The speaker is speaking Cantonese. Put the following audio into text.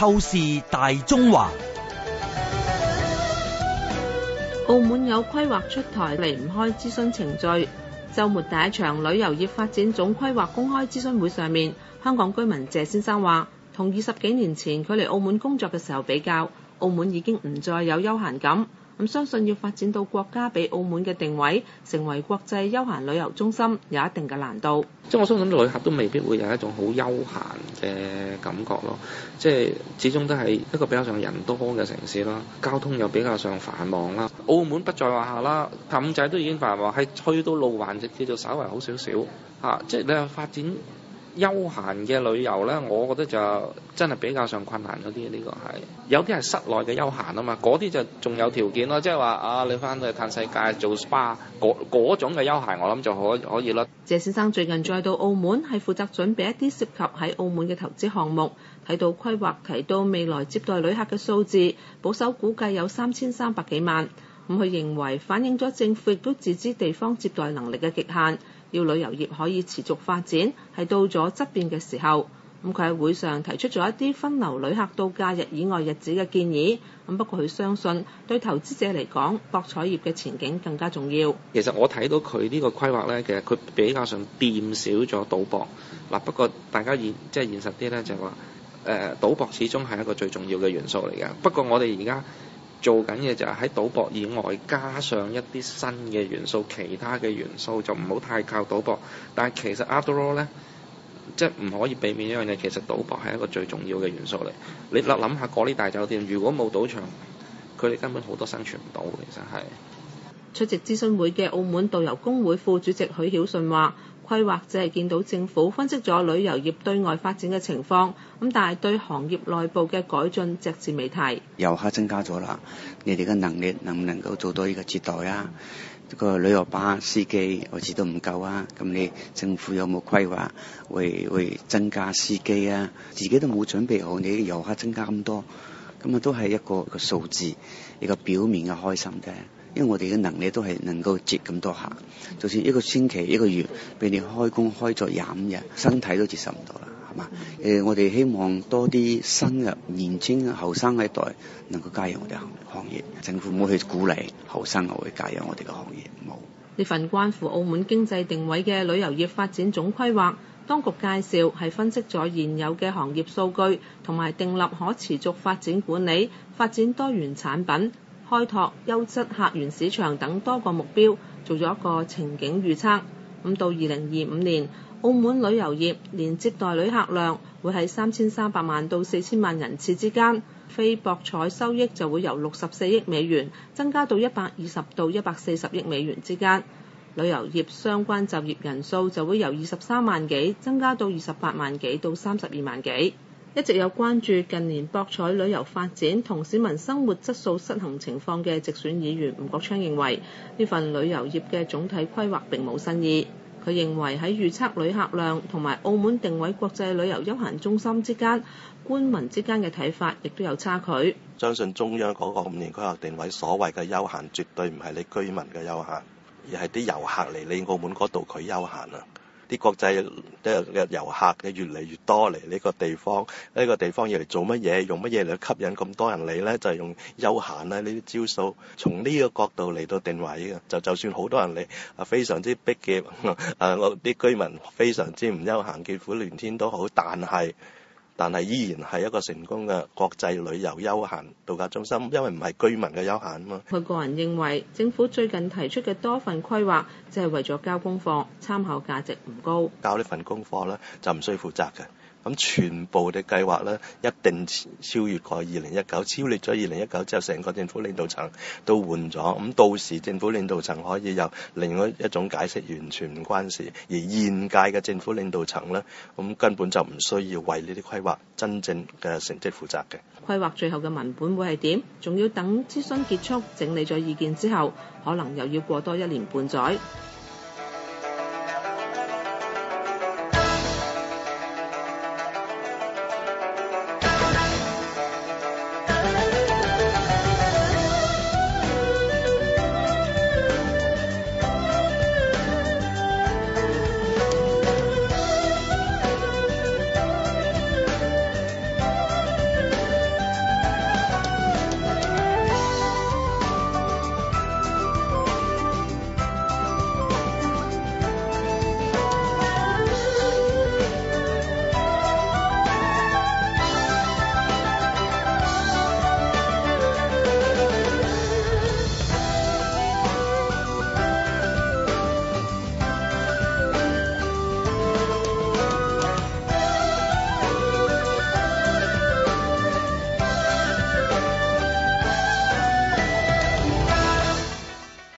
透視大中華，澳門有規劃出台，離唔開諮詢程序。周末第一場旅遊業發展總規劃公開諮詢會上面，香港居民謝先生話，同二十幾年前佢嚟澳門工作嘅時候比較，澳門已經唔再有休閒感。咁相信要發展到國家畀澳門嘅定位，成為國際休閒旅遊中心，有一定嘅難度。即係我相信旅客都未必會有一種好休閒嘅感覺咯。即係始終都係一個比較上人多嘅城市啦，交通又比較上繁忙啦。澳門不在話下啦，氹仔都已經繁忙，係去到路環就叫做稍微好少少嚇。即係你話發展，休閒嘅旅遊咧，我覺得就真係比較上困難嗰啲，呢個係有啲係室內嘅休閒啊嘛，嗰啲就仲有條件咯，即係話啊，你翻去歎世界做 SPA 嗰種嘅休閒，我諗就可可以咯。謝先生最近再到澳門，係負責準備一啲涉及喺澳門嘅投資項目，睇到規劃，提到未來接待旅客嘅數字，保守估計有三千三百幾萬。咁佢認為反映咗政府亦都自知地方接待能力嘅極限。要旅遊業可以持續發展，係到咗質變嘅時候。咁佢喺會上提出咗一啲分流旅客到假日以外日子嘅建議。咁不過佢相信對投資者嚟講，博彩業嘅前景更加重要。其實我睇到佢呢個規劃呢，其實佢比較想變少咗賭博嗱。不過大家現即係現實啲咧，就係話誒賭博始終係一個最重要嘅元素嚟嘅。不過我哋而家，做緊嘢就係喺賭博以外加上一啲新嘅元素，其他嘅元素就唔好太靠賭博。但係其實 after all，呢即係唔可以避免一樣嘢，其實賭博係一個最重要嘅元素嚟。你諗諗下，嗰啲大酒店如果冇賭場，佢哋根本好多生存唔到，其實係。出席諮詢會嘅澳門導遊公會副主席許曉信話，規劃只係見到政府分析咗旅遊業對外發展嘅情況，咁但係對行業內部嘅改進隻字未提。遊客增加咗啦，你哋嘅能力能唔能夠做到呢個接待啊？個旅遊巴司機好似都唔夠啊，咁你政府有冇規劃會會增加司機啊？自己都冇準備好，你啲遊客增加咁多，咁啊都係一個一個數字，一個表面嘅開心嘅。因為我哋嘅能力都係能夠接咁多客，就算一個星期一個月俾你開工開咗廿五日，身體都接受唔到啦，係嘛？誒，我哋希望多啲新入年青後生一代能夠加入我哋行行業，政府冇去鼓勵後生會加入我哋嘅行業冇。呢份關乎澳門經濟定位嘅旅遊業發展總規劃，當局介紹係分析咗現有嘅行業數據，同埋訂立可持續發展管理，發展多元產品。開拓優質客源市場等多個目標，做咗一個情景預測。咁到二零二五年，澳門旅遊業年接待旅客量會喺三千三百萬到四千萬人次之間，非博彩收益就會由六十四億美元增加到一百二十到一百四十億美元之間，旅遊業相關就業人數就會由二十三萬幾增加到二十八萬幾到三十二萬幾。一直有關注近年博彩旅遊發展同市民生活質素失衡情況嘅直選議員吳國昌認為，呢份旅遊業嘅總體規劃並冇新意。佢認為喺預測旅客量同埋澳門定位國際旅遊休閒中心之間，官民之間嘅睇法亦都有差距。相信中央嗰個五年規劃定位所謂嘅休閒，絕對唔係你居民嘅休閒，而係啲遊客嚟你澳門嗰度佢休閒啊！啲國際即遊客嘅越嚟越多嚟呢個地方，呢、呢個地方要嚟做乜嘢？用乜嘢嚟吸引咁多人嚟呢？就係、係、用休閒啊。呢啲招數從呢個角度嚟到定位嘅，就就算好多人嚟，啊非常之逼嘅、 啊，啊我啲居民非常之唔休閒，叫苦連天都好，但係。但係依然係一個成功嘅國際旅遊休閒度假中心，因為唔係居民嘅休閒啊嘛。佢個人認為政府最近提出嘅多份規劃，即係為咗交功課，參考價值唔高。交呢份功課咧，就唔需要負責嘅。咁全部的計劃呢，一定超越過二零一九，超越咗二零一九之後，成個政府領導層都換咗。咁到時政府領導層可以有另外一種解釋，完全唔關事。而現屆嘅政府領導層呢，咁根本就唔需要為呢啲規劃真正嘅成績負責嘅。規劃最後嘅文本會係點？仲要等諮詢結束，整理咗意見之後，可能又要過多一年半載。